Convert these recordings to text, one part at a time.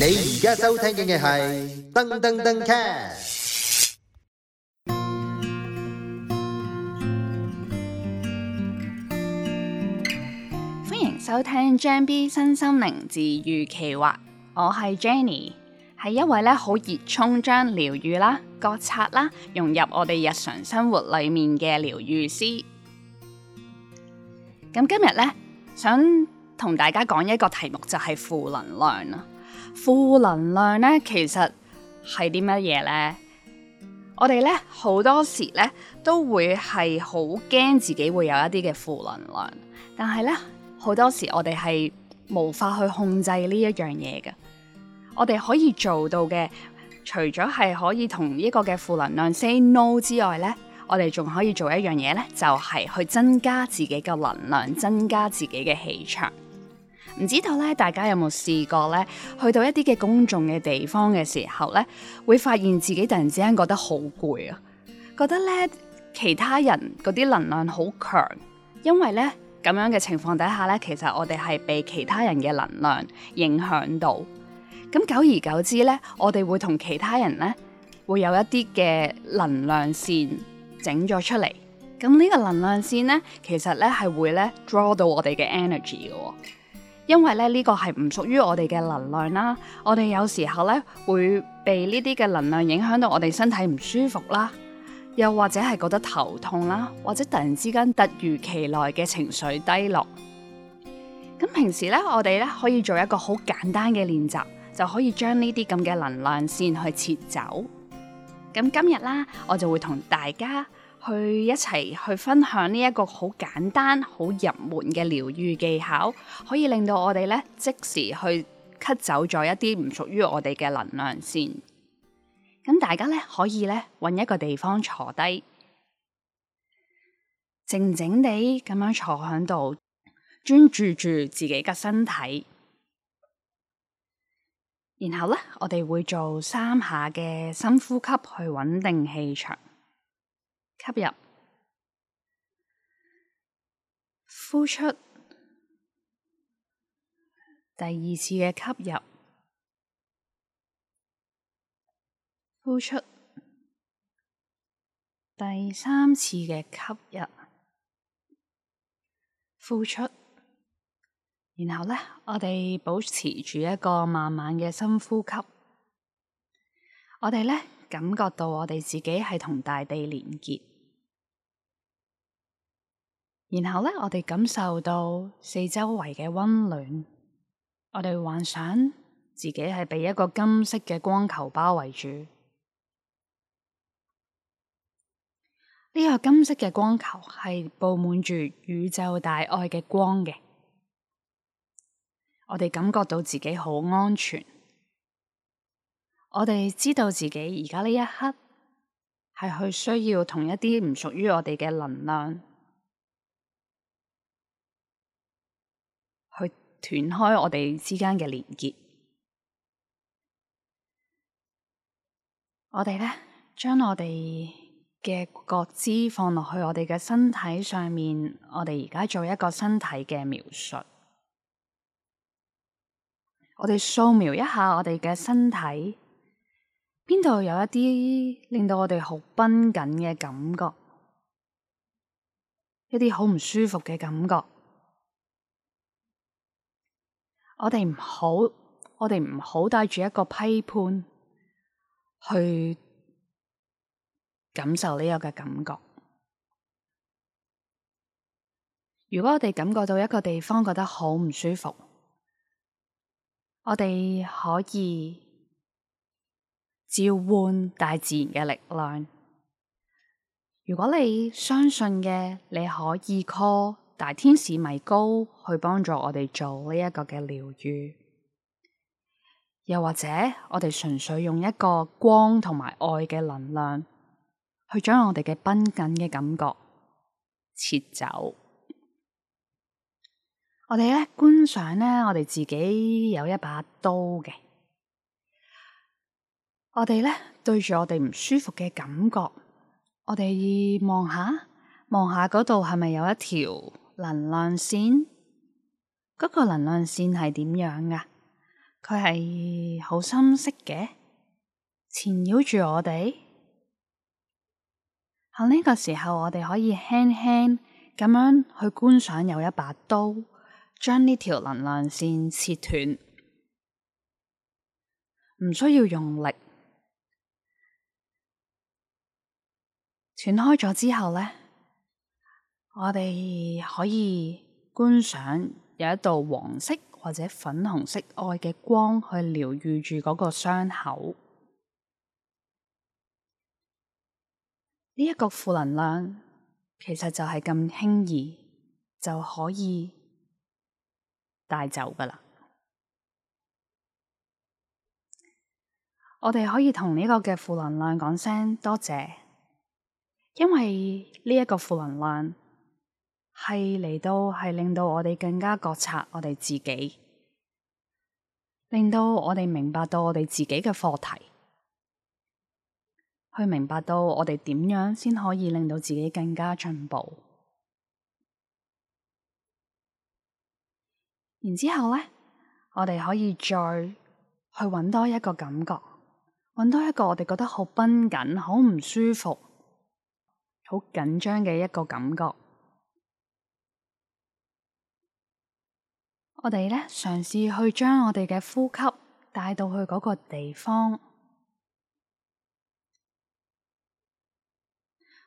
你而家收聽嘅係噔噔噔卡，歡迎收聽張 B 身心靈治癒奇話，我係 Jenny，係一位咧好熱衷將療愈啦、覺察啦融入我哋日常生活裏面嘅療愈師。咁今日咧想同大家講一個題目，就係、是、負能量啦。負能量咧，其實係啲乜嘢咧？我哋咧好多時咧都會係好驚自己會有一啲嘅負能量，但係咧好多時我哋係無法去控制呢一樣嘢嘅。我哋可以做到嘅，除咗係可以同呢個嘅負能量 say no 之外咧，我哋仲可以做一樣嘢咧，就係去增加自己嘅能量，增加自己嘅氣場。唔知道咧，大家有冇試過咧？去到一啲嘅公眾嘅地方嘅時候咧，會發現自己突然之間覺得好攰啊，覺得咧其他人嗰啲能量好強，因為咧咁樣嘅情況底下咧，其實我哋係被其他人嘅能量影響到。咁久而久之咧，我哋會同其他人咧會有一啲嘅能量線整咗出嚟。咁呢個能量線咧，其實咧係會咧 draw 到我哋嘅 energy 㗎喎。因為咧呢個係唔屬於我哋嘅能量啦，我哋有時候呢，會被呢啲嘅能量影響到我哋身體唔舒服啦，又或者係覺得頭痛啦，或者突然之間突如其來嘅情緒低落。咁平時呢，我哋呢可以做一個好簡單嘅練習，就可以將呢啲咁嘅能量先去切走。咁今日啦，我就會同大家。去一齊去分享呢一個好簡單、好入門嘅療癒技巧，可以令到我哋呢即時去吸走咗一啲唔屬於我哋嘅能量線。咁大家呢，可以呢揾一個地方坐低，靜靜地咁樣坐喺度，專注住自己嘅身體。然後呢，我哋會做三下嘅深呼吸，去穩定氣場。吸入，呼出，第二次嘅吸入，呼出，第三次嘅吸入，呼出，然後呢，我哋保持住一個慢慢嘅深呼吸，我哋呢感覺到我哋自己係同大地連結。然後呢，我哋感受到四周圍嘅溫暖，我哋幻想自己係被一個金色嘅光球包圍住。呢個金色嘅光球係布滿住宇宙大愛嘅光嘅。我哋感覺到自己好安全，我哋知道自己而家呢一刻係去需要同一啲唔屬於我哋嘅能量。斷開我哋之間嘅連結，我哋咧將我哋嘅覺知放落去我哋嘅身體上面，我哋而家做一個身體嘅描述，我哋掃描一下我哋嘅身體，邊度有一啲令到我哋好繃緊嘅感覺，一啲好唔舒服嘅感覺。我哋唔好，我哋唔好帶住一個批判去感受呢個嘅感覺。如果我哋感覺到一個地方覺得好唔舒服，我哋可以召喚大自然嘅力量。如果你相信嘅，你可以 call。大天使米高去幫助我哋做呢一個嘅療癒，又或者我哋純粹用一個光同埋愛嘅能量，去將我哋嘅繃緊嘅感覺切走。我哋咧觀賞咧，我哋自己有一把刀嘅，我哋咧對住我哋唔舒服嘅感覺，我哋望下望下嗰度係咪有一條。能量線嗰、那個能量線係點樣噶？佢係好深色嘅，纏繞住我哋。喺呢個時候，我哋可以輕輕咁樣去觀想，有一把刀將呢條能量線切斷，唔需要用力。斷開咗之後呢。我哋可以觀賞有一道黃色或者粉紅色愛嘅光去療愈住嗰個傷口。呢一個負能量其實就係咁輕易就可以帶走㗎喇。我哋可以同呢個嘅負能量講聲多謝，因為呢一個負能量。係嚟到，係令到我哋更加覺察我哋自己，令到我哋明白到我哋自己嘅課題，去明白到我哋點樣先可以令到自己更加進步。然之後咧，我哋可以再去揾多一個感覺，揾多一個我哋覺得好繃緊、好唔舒服、好緊張嘅一個感覺。我哋咧，嘗試去將我哋嘅呼吸帶到去嗰個地方，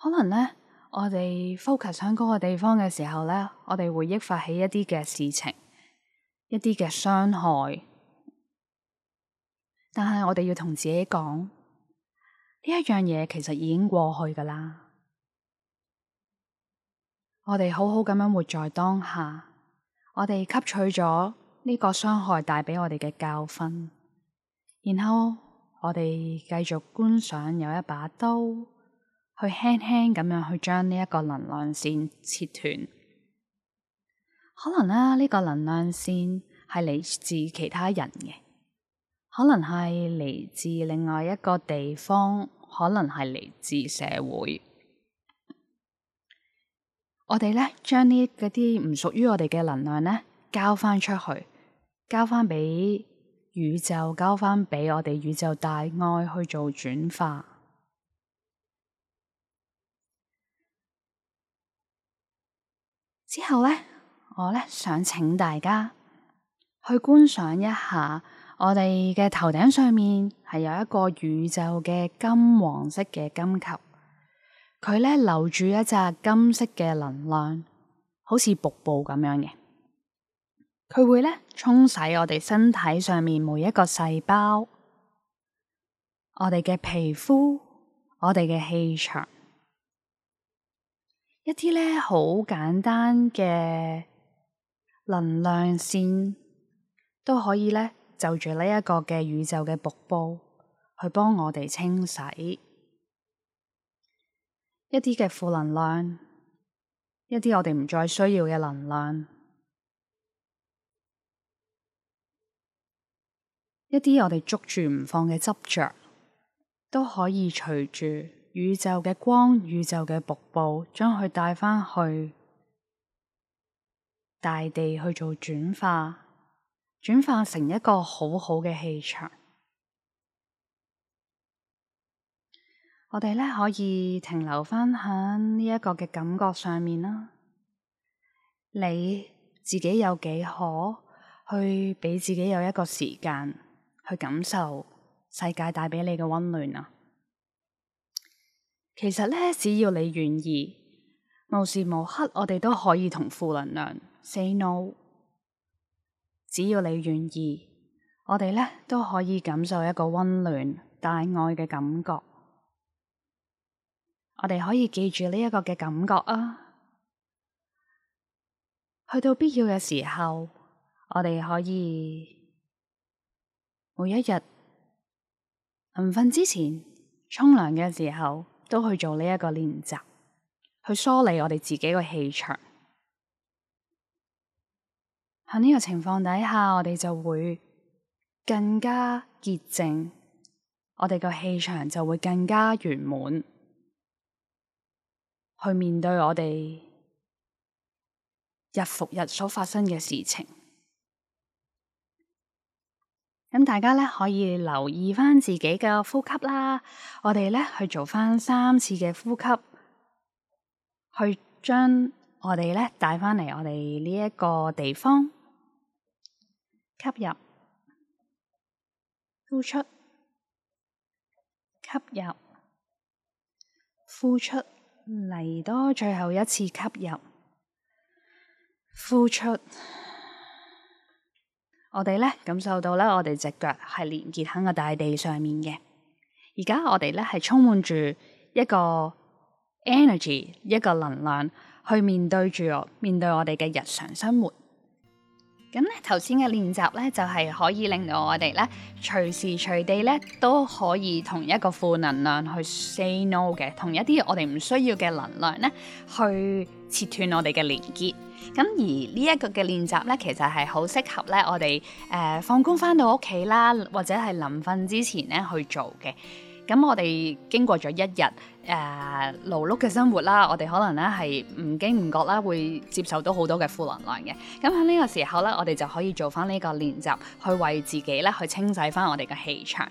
可能咧我哋 focus 喺嗰個地方嘅時候咧，我哋會激發起一啲嘅事情，一啲嘅傷害，但係我哋要同自己講，呢一樣嘢其實已經過去噶啦，我哋好好咁樣活在當下。我哋吸取咗呢個傷害帶畀我哋嘅教訓，然後我哋繼續觀賞，有一把刀去輕輕咁樣去將呢一個能量線切斷。可能咧呢個能量線係嚟自其他人嘅，可能係嚟自另外一個地方，可能係嚟自社會。我哋咧將呢啲唔屬於我哋嘅能量咧交翻出去，交翻俾宇宙，交翻俾我哋宇宙大愛去做轉化。之後咧，我咧想請大家去觀想一下，我哋嘅頭頂上面係有一個宇宙嘅金黃色嘅金球。佢咧留住一隻金色嘅能量，好似瀑布咁樣嘅。佢會咧沖洗我哋身體上面每一個細胞，我哋嘅皮膚，我哋嘅氣場，一啲咧好簡單嘅能量線，都可以咧就住呢一個嘅宇宙嘅瀑布去幫我哋清洗。一啲嘅負能量，一啲我哋唔再需要嘅能量，一啲我哋捉住唔放嘅執着，都可以隨住宇宙嘅光、宇宙嘅瀑布，將佢帶返去大地去做轉化，轉化成一個好好嘅氣場。我哋咧，可以停留翻喺呢一個嘅感覺上面啦。你自己有幾可去俾自己有一個時間去感受世界帶畀你嘅溫暖啊？其實咧，只要你願意，無時無刻我哋都可以同負能量 say no。只要你願意，我哋咧都可以感受一個溫暖帶愛嘅感覺。我哋可以記住呢一個嘅感覺啊！去到必要嘅時候，我哋可以每一日臨瞓之前，沖涼嘅時候，都去做呢一個練習，去梳理我哋自己個氣場。喺呢個情況底下，我哋就會更加潔淨，我哋個氣場就會更加圓滿。去面對我哋日復日所發生嘅事情，咁大家呢可以留意翻自己嘅呼吸啦。我哋呢去做翻三次嘅呼吸，去將我哋呢帶返嚟我哋呢一個地方，吸入、呼出、吸入、呼出。嚟多最後一次吸入，呼出，我哋咧感受到咧我哋隻腳係連結喺個大地上面嘅。而家我哋咧係充滿住一個 energy，一個能量去面對住我，面對我哋嘅日常生活。咁咧，頭先嘅練習咧，就係可以令到我哋咧，隨時隨地咧都可以同一個負能量去 say no 嘅，同一啲我哋唔需要嘅能量咧，去切斷我哋嘅連結。咁而呢一個嘅練習咧，其實係好適合咧，我哋誒放工翻到屋企啦，或者係臨瞓之前咧去做嘅。咁我哋經過咗一日誒勞碌嘅生活啦，我哋可能咧係唔經唔覺啦，會接受到好多嘅負能量嘅。咁喺呢個時候咧，我哋就可以做翻呢個練習，去為自己咧去清洗翻我哋嘅氣場。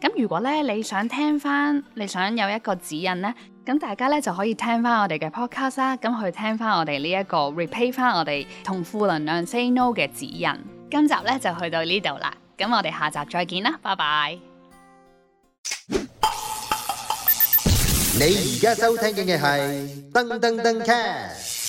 咁如果咧你想聽翻，你想有一個指引咧，咁大家咧就可以聽翻我哋嘅 podcast 啊，咁去聽翻我哋呢一個 repeat 翻我哋同負能量 say no 嘅指引。今集咧就去到呢度啦，咁我哋下集再見啦，拜拜。你而家收聽嘅係噔噔噔 cat